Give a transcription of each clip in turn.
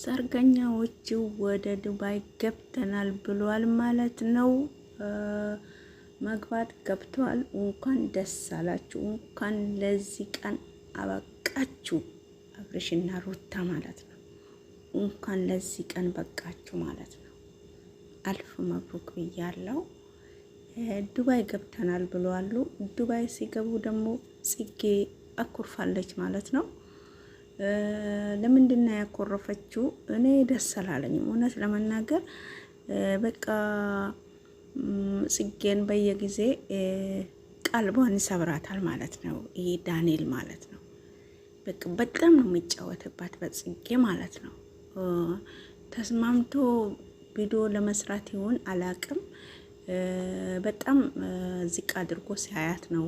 ሰርገኛዎች ወደ ዱባይ ገብተናል ብሏል ማለት ነው። መግባት ገብተዋል። እንኳን ደስ አላችሁ፣ እንኳን ለዚህ ቀን አበቃችሁ። አብርሽና ሩታ ማለት ነው። እንኳን ለዚህ ቀን በቃችሁ ማለት ነው። አልፍ መብሩክ ብያለው። ዱባይ ገብተናል ብለዋሉ። ዱባይ ሲገቡ ደግሞ ጽጌ አኩርፋለች ማለት ነው። ለምንድና ያኮረፈችው? እኔ ደስ አላለኝም። እውነት ለመናገር በቃ ጽጌን በየጊዜ ቀልቧን ይሰብራታል ማለት ነው። ይሄ ዳንኤል ማለት ነው። በቃ በጣም ነው የሚጫወትባት በጽጌ ማለት ነው። ተስማምቶ ቪዲዮ ለመስራት ይሁን አላቅም። በጣም ዝቅ አድርጎ ሲያያት ነው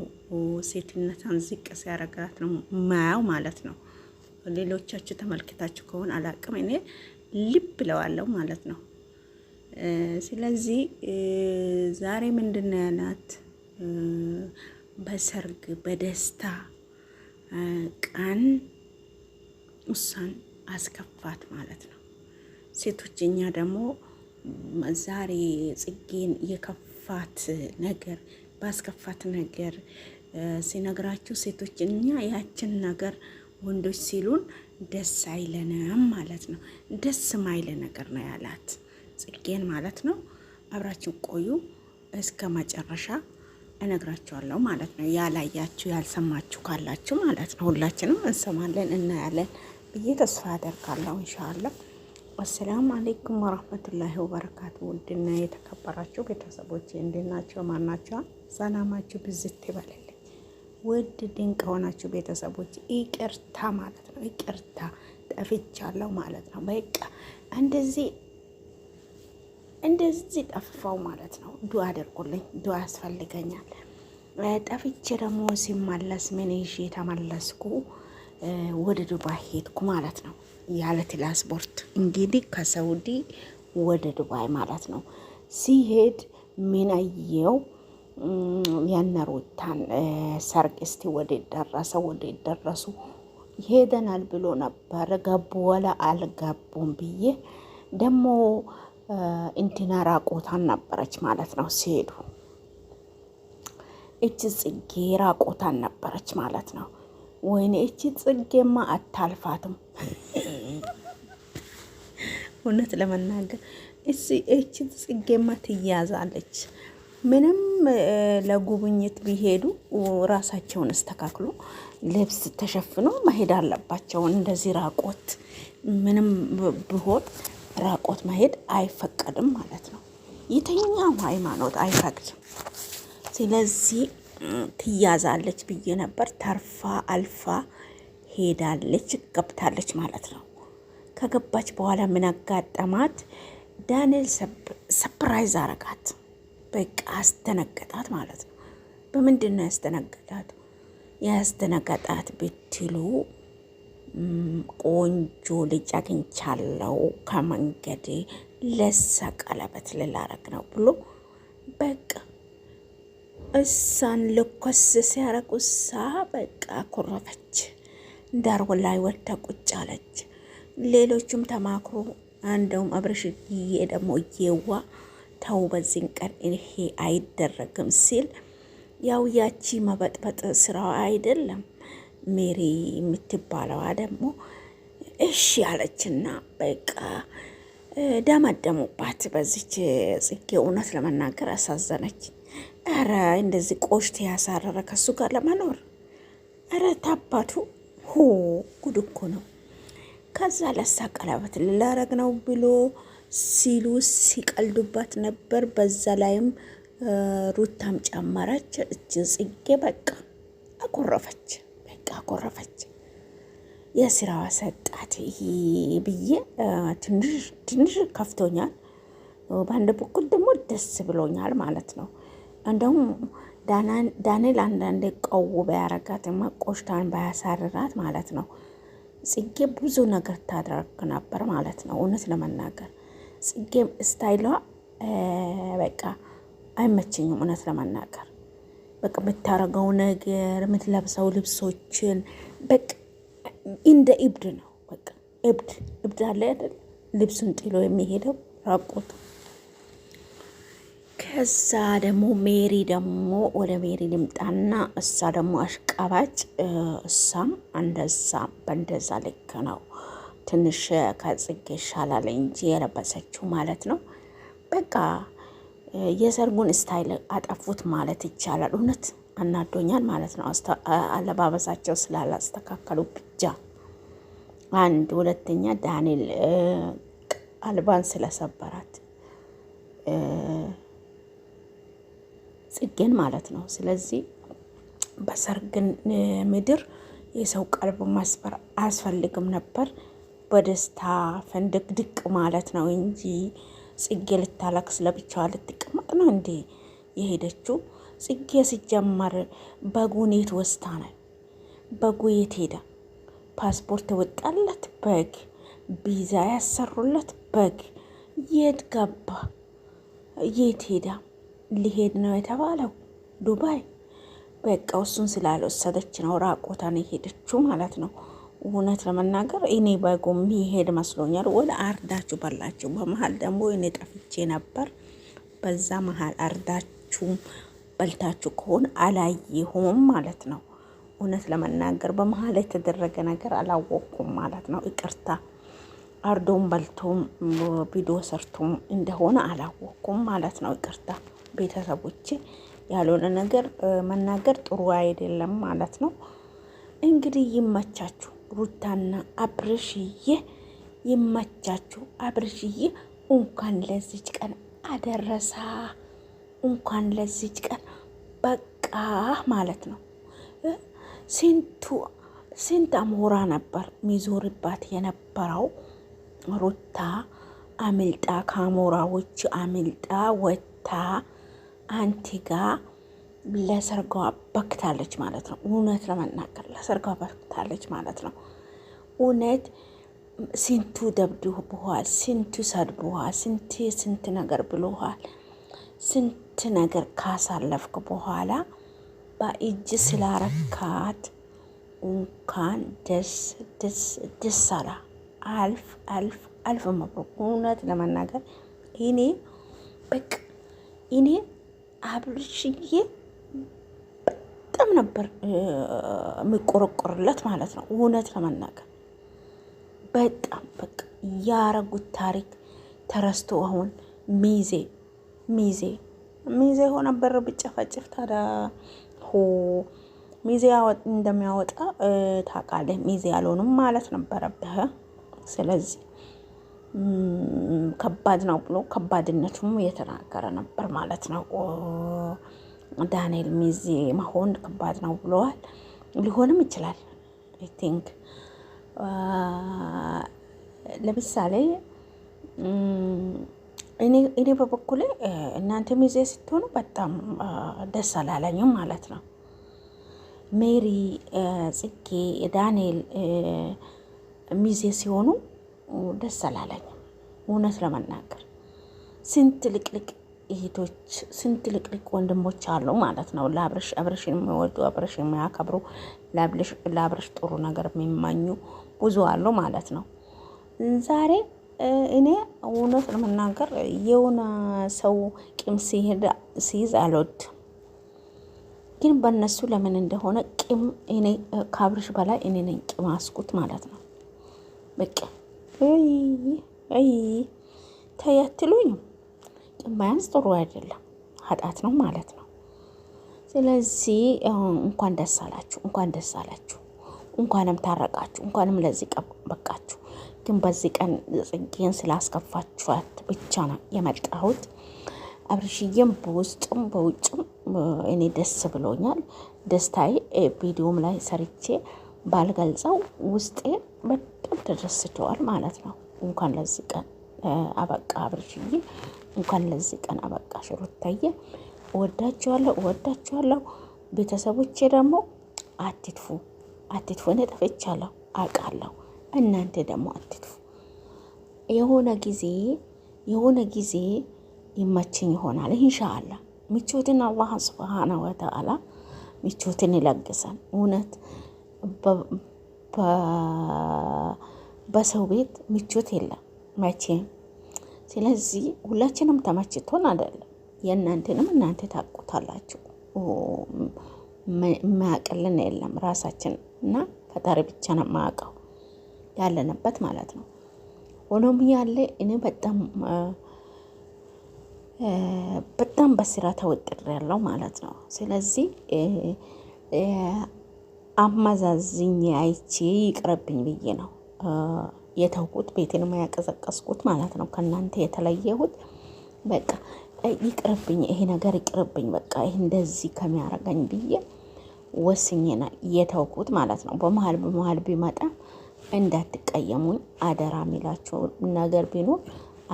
ሴትነቷን ዝቅ ሲያረጋት ነው ማያው ማለት ነው። ሌሎቻችሁ ተመልክታችሁ ከሆነ አላቅም፣ እኔ ልብ ብለዋለሁ ማለት ነው። ስለዚህ ዛሬ ምንድን ነው ያላት? በሰርግ በደስታ ቀን እሷን አስከፋት ማለት ነው። ሴቶች እኛ ደግሞ ዛሬ ጽጌን የከፋት ነገር ባስከፋት ነገር ሲነግራችሁ ሴቶች እኛ ያችን ነገር ወንዶች ሲሉን ደስ አይለንም ማለት ነው። ደስ ማይለ ነገር ነው ያላት ጽጌን ማለት ነው። አብራችሁ ቆዩ እስከ መጨረሻ እነግራችኋለሁ ማለት ነው። ያላያችሁ ያልሰማችሁ ካላችሁ ማለት ነው። ሁላችንም እንሰማለን እናያለን ብዬ ተስፋ አደርጋለሁ እንሻአላ። አሰላሙ አሌይኩም ወረህመቱላሂ ወበረካቱ። ውድና የተከበራችሁ ቤተሰቦች እንዴት ናቸው? ማናቸዋ ሰላማችሁ ብዝት ይበለኝ። ውድ ድንቅ ሆናችሁ ቤተሰቦች ይቅርታ ማለት ነው። ይቅርታ ጠፍቻለሁ ማለት ነው። በቃ እንደዚህ እንደዚህ ጠፍፋው ማለት ነው። ዱ አድርጉልኝ፣ ዱ ያስፈልገኛል። ጠፍቼ ደግሞ ሲመለስ ምን ይዤ የተመለስኩ ወደ ዱባይ ሄድኩ ማለት ነው። ያለ ትራንስፖርት እንግዲህ ከሰውዲ ወደ ዱባይ ማለት ነው ሲሄድ ምን አየው ያነሩታን ሰርግ እስቲ ወደ ደረሰ ወደ ደረሱ ይሄደናል ብሎ ነበር። ገቡ ወላ አልገቡም ብዬ ደግሞ እንትና ራቆታን ነበረች ማለት ነው ሲሄዱ እቺ ጽጌ ራቆታን ነበረች ማለት ነው። ወይኔ እቺ ጽጌማ አታልፋትም። እውነት ለመናገር እቺ ጽጌማ ትያዛለች። ምንም ለጉብኝት ቢሄዱ ራሳቸውን አስተካክሎ ልብስ ተሸፍኖ መሄድ አለባቸው። እንደዚህ ራቆት ምንም ብሆን ራቆት መሄድ አይፈቀድም ማለት ነው። የትኛውም ሃይማኖት አይፈቅድም። ስለዚህ ትያዛለች ብዬ ነበር። ተርፋ አልፋ ሄዳለች፣ ገብታለች ማለት ነው። ከገባች በኋላ ምን አጋጠማት? ዳንኤል ሰፕራይዝ አረጋት። በቃ አስተነገጣት ማለት ነው። በምንድን ነው ያስተነገጣት? ያስተነገጣት ብትሉ ቆንጆ ልጅ አግኝቻለሁ ከመንገድ ለሳ ቀለበት ልላረግ ነው ብሎ በቃ እሳን ልኮስ ሲያረግ እሳ በቃ ኮረፈች፣ ዳርጎ ላይ ወጥታ ቁጭ አለች። ሌሎቹም ተማክሮ እንደውም አብረሽ ይሄ ደግሞ እየዋ ተው በዚህን ቀን ይሄ አይደረግም ሲል ያው ያቺ መበጥበጥ ስራዋ አይደለም ሜሪ የምትባለዋ ደግሞ እሺ ያለችና በቃ ደመደሙባት። በዚች ጽጌ እውነት ለመናገር አሳዘነች። ኧረ እንደዚህ ቆሽት ያሳረረ ከሱ ጋር ለመኖር ኧረ ታባቱ ሁ ጉድ እኮ ነው። ከዛ ለሳ ቀለበት ልላረግ ነው ብሎ ሲሉ ሲቀልዱባት ነበር። በዛ ላይም ሩታም ጨመረች። እች ጽጌ በቃ አኮረፈች፣ በቃ አኮረፈች። የስራዋ ሰጣት ብዬ ትንሽ ከፍቶኛል። በአንድ በኩል ደግሞ ደስ ብሎኛል ማለት ነው። እንደውም ዳንኤል አንዳንዴ ቀው ባያረጋት ቆሽታን ባያሳርራት ማለት ነው ጽጌ ብዙ ነገር ታደርግ ነበር ማለት ነው እውነት ለመናገር ጽጌም ስታይሏ በቃ አይመቸኝም፣ እውነት ለመናገር በቃ የምታረገው ነገር የምትለብሰው ልብሶችን በቃ እንደ እብድ ነው። በቃ እብድ እብድ አለ አይደል? ልብሱን ጥሎ የሚሄደው ራቆቱ። ከዛ ደግሞ ሜሪ ደግሞ ወደ ሜሪ ልምጣና እሷ ደግሞ አሽቃባጭ፣ እሷም እንደዛ በእንደዛ ልክ ነው ትንሽ ከጽጌ ይሻላል እንጂ የለበሰችው ማለት ነው። በቃ የሰርጉን ስታይል አጠፉት ማለት ይቻላል። እውነት አናዶኛል ማለት ነው። አለባበሳቸው ስላላስተካከሉ ብቻ አንድ ሁለተኛ ዳንኤል አልባን ስለሰበራት ጽጌን ማለት ነው። ስለዚህ በሰርግን ምድር የሰው ቀልብ ማስበር አያስፈልግም ነበር። በደስታ ፈንድቅድቅ ማለት ነው እንጂ ጽጌ ልታለቅስ ለብቻዋ ልትቀመጥ ነው እንዴ የሄደችው? ጽጌ ሲጀመር በጉን የት ወስታ ነው? በጉ የት ሄደ? ፓስፖርት ወጣለት በግ፣ ቪዛ ያሰሩለት በግ የት ገባ? የት ሄዳ? ሊሄድ ነው የተባለው ዱባይ። በቃ እሱን ስላልወሰደች ነው ራቆታን የሄደችው ማለት ነው። እውነት ለመናገር እኔ በጎም ይሄድ መስሎኛል። ወደ አርዳችሁ በላችሁ። በመሀል ደግሞ እኔ ጠፍቼ ነበር። በዛ መሀል አርዳችሁም በልታችሁ ከሆነ አላየሁም ማለት ነው። እውነት ለመናገር በመሀል የተደረገ ነገር አላወቅኩም ማለት ነው። ይቅርታ አርዶም በልቶም ቪዲዮ ሰርቶም እንደሆነ አላወቅኩም ማለት ነው። ይቅርታ ቤተሰቦቼ፣ ያልሆነ ነገር መናገር ጥሩ አይደለም ማለት ነው። እንግዲህ ይመቻችሁ። ሩታና አብርሽዬ ይመቻችሁ። አብርሽዬ እንኳን ለዚች ቀን አደረሳ፣ እንኳን ለዚች ቀን በቃ ማለት ነው። ስንቱ ስንት አሞራ ነበር ሚዞርባት የነበረው ሩታ አምልጣ ከአሞራዎች አምልጣ ወታ አንቲጋ ለሰርጓ በክታለች ማለት ነው። እውነት ለመናገር ለሰርጓ በክታለች ማለት ነው። እውነት ስንቱ ደብድቦሃል፣ ስንቱ ሰድቦሃል፣ ስንት ስንት ነገር ብሎሃል። ስንት ነገር ካሳለፍክ በኋላ በእጅ ስላረካት እንኳን ደስ ደስ ደስ አላ አልፍ አልፍ አልፍ መብሩክ። እውነት ለመናገር እኔ በቃ እኔ አብርሽዬ በጣም ነበር የሚቆረቆርለት ማለት ነው። እውነት ለመናገር በጣም በቃ ያረጉት ታሪክ ተረስቶ አሁን ሚዜ ሚዜ ሚዜ ሆነ በር ብጨፈጭፍ ታዲያ ሆ ሚዜ እንደሚያወጣ ታውቃለህ። ሚዜ ያልሆንም ማለት ነበረብህ። ስለዚህ ከባድ ነው ብሎ ከባድነቱም እየተናገረ ነበር ማለት ነው። ዳንኤል ሚዜ መሆን ከባድ ነው ብለዋል። ሊሆንም ይችላል። አይ ቲንክ ለምሳሌ እኔ በበኩሌ እናንተ ሚዜ ስትሆኑ በጣም ደስ አላለኝም ማለት ነው። ሜሪ፣ ጽጌ፣ ዳንኤል ሚዜ ሲሆኑ ደስ አላለኝም እውነት ለመናገር ስንት ልቅልቅ እህቶች ስንት ልቅልቅ ወንድሞች አሉ ማለት ነው። ለአብረሽ አብረሽን የሚወዱ አብረሽ የሚያከብሩ ለአብረሽ ጥሩ ነገር የሚማኙ ብዙ አሉ ማለት ነው። ዛሬ እኔ እውነት ለመናገር የሆነ ሰው ቂም ሲይዝ አልወድ፣ ግን በእነሱ ለምን እንደሆነ ቂም እኔ ከአብረሽ በላይ እኔ ነኝ ቂም አስኩት ማለት ነው። በቃ ይ ተያትሉኝ ማያንስ ጥሩ አይደለም፣ ኃጢአት ነው ማለት ነው። ስለዚህ እንኳን ደስ አላችሁ፣ እንኳን ደስ አላችሁ፣ እንኳንም ታረቃችሁ፣ እንኳንም ለዚህ ቀን በቃችሁ። ግን በዚህ ቀን ጽጌን ስላስከፋችኋት ብቻ ነው የመጣሁት። አብርሽዬም በውስጥም በውጭም እኔ ደስ ብሎኛል። ደስታዬ ቪዲዮም ላይ ሰርቼ ባልገልጸው ውስጤ በጣም ተደስተዋል ማለት ነው። እንኳን ለዚህ ቀን አበቃ አብርሽዬ፣ እንኳን ለዚህ ቀን አበቃሽ ሩታዬ። እወዳችኋለሁ እወዳችኋለሁ። ቤተሰቦቼ ደግሞ አትጥፉ አትጥፉ። እኔ ጠፍቻለሁ አውቃለሁ። እናንተ ደግሞ አትጥፉ። የሆነ ጊዜ የሆነ ጊዜ ይመችኝ ይሆናል ኢንሻአላ። ምቾትን አላህ ስብሓነ ወተዓላ ምቾትን ይለግሰን። እውነት በሰው ቤት ምቾት የለም። መቼም። ስለዚህ ሁላችንም ተመችቶን አይደለም። የእናንተንም እናንተ ታውቁታላችሁ። የማያውቅልን የለም ራሳችን እና ፈጣሪ ብቻ ነው የማያውቀው ያለንበት ማለት ነው። ሆኖም ያለ እኔ በጣም በጣም በስራ ተወጥር ያለው ማለት ነው። ስለዚህ አመዛዝኝ አይቼ ይቅረብኝ ብዬ ነው የተውኩት ቤቴን ያቀዘቀዝኩት ማለት ነው። ከእናንተ የተለየሁት በቃ ይቅርብኝ፣ ይሄ ነገር ይቅርብኝ፣ በቃ ይሄ እንደዚህ ከሚያረገኝ ብዬ ወስኜና የተውኩት ማለት ነው። በመሀል በመሀል ቢመጣ እንዳትቀየሙኝ አደራ የሚላቸው ነገር ቢኖር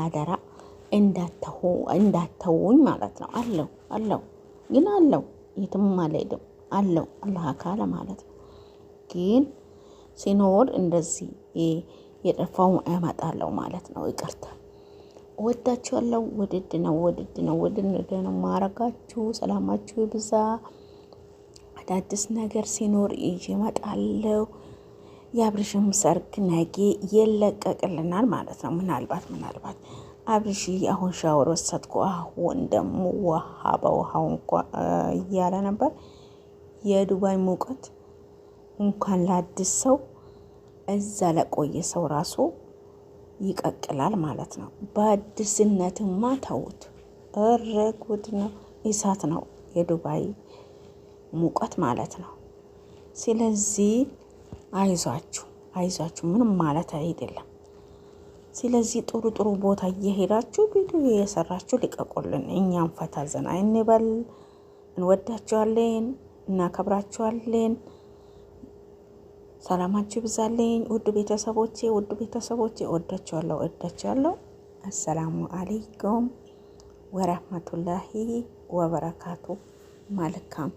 አደራ እንዳተውኝ ማለት ነው። አለው አለው ግን አለው የትም አልሄድም አለው አላህ አካለ ማለት ነው። ግን ሲኖር እንደዚህ የጠፋውን አያመጣለው ማለት ነው። ይቅርታ ወዳችኋለሁ። ውድድ ነው ውድድ ነው ውድድ ነው ማረጋችሁ። ሰላማችሁ ብዛ አዳዲስ ነገር ሲኖር ይመጣለው። የአብርሽም ሰርግ ነጌ ይለቀቅልናል ማለት ነው። ምናልባት ምናልባት አብርሽ አሁን ሻወር ወሰድኩ አሁን ደግሞ ውሃ በውሃው እንኳ እያለ ነበር። የዱባይ ሙቀት እንኳን ለአዲስ ሰው እዛ ለቆየ ሰው ራሱ ይቀቅላል ማለት ነው። በአዲስነትማ ተውት፣ እረ ጉድ ነው፣ እሳት ነው የዱባይ ሙቀት ማለት ነው። ስለዚህ አይዟችሁ፣ አይዟችሁ ምንም ማለት አይደለም። ስለዚህ ጥሩ ጥሩ ቦታ እየሄዳችሁ ቪዲዮ እየሰራችሁ ልቀቁልን፣ እኛም ፈታ ዘና እንበል። እንወዳችኋለን፣ እናከብራችኋለን። ሰላማችሁ ይብዛልኝ ውድ ቤተሰቦቼ፣ ውድ ቤተሰቦቼ ወዳችኋለሁ፣ ወዳችኋለሁ። አሰላሙ አለይኩም ወረህመቱላሂ ወበረካቱ። መልካም